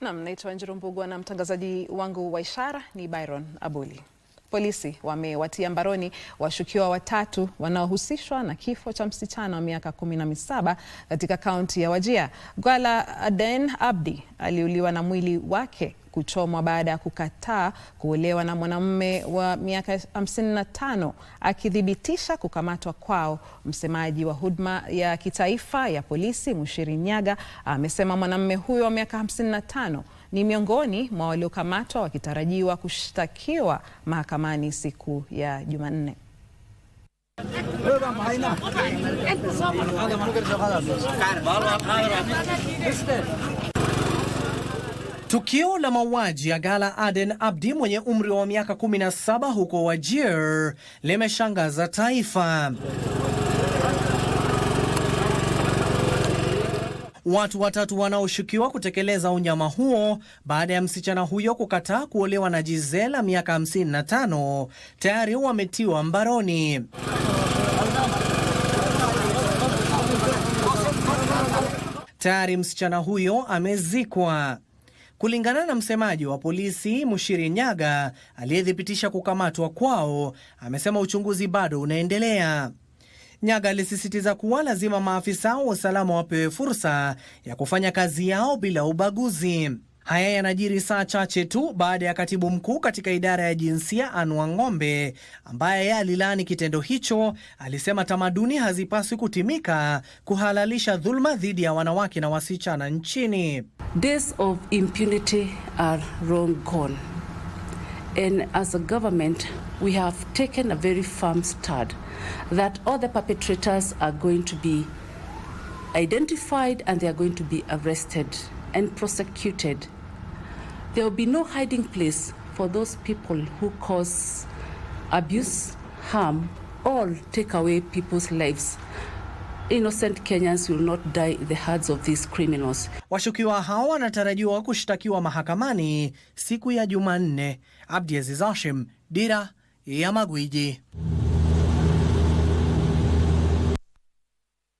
Nam, naitwa Njiru Mbugwa na mtangazaji wangu wa ishara ni Byron Abuli. Polisi wamewatia mbaroni washukiwa watatu wanaohusishwa na kifo cha msichana wa miaka kumi na saba katika kaunti ya Wajir. Gwala Aden Abdi aliuliwa na mwili wake kuchomwa baada ya kukataa kuolewa na mwanamume wa miaka 55 akithibitisha kukamatwa kwao. Msemaji wa huduma ya kitaifa ya polisi mushiri Nyaga amesema mwanamume huyo wa miaka 55 ni miongoni mwa waliokamatwa wakitarajiwa kushtakiwa mahakamani siku ya Jumanne. Tukio la mauaji ya gala Aden Abdi mwenye umri wa miaka 17 huko Wajir limeshangaza taifa. Watu watatu wanaoshukiwa kutekeleza unyama huo baada ya msichana huyo kukataa kuolewa na Jizela miaka 55 tayari wametiwa mbaroni. Tayari msichana huyo amezikwa. Kulingana na msemaji wa polisi Mushiri Nyaga aliyethibitisha kukamatwa kwao, amesema uchunguzi bado unaendelea. Nyaga alisisitiza kuwa lazima maafisa wa usalama wapewe fursa ya kufanya kazi yao bila ubaguzi. Haya yanajiri saa chache tu baada ya katibu mkuu katika idara ya jinsia Anwa Ng'ombe, ambaye yeye alilaani kitendo hicho, alisema tamaduni hazipaswi kutimika kuhalalisha dhuluma dhidi ya wanawake na wasichana nchini. Days of impunity are long gone and as a government we have taken a very firm stand that all the perpetrators are going to be identified and they are going to be arrested and prosecuted There will be no hiding place for those people who cause abuse, harm, or take away people's lives. Innocent Kenyans will not die in the hands of these criminals. Washukiwa hao wanatarajiwa kushtakiwa mahakamani siku ya Jumanne. Abdiaziz Hashim, Dira ya Magwiji.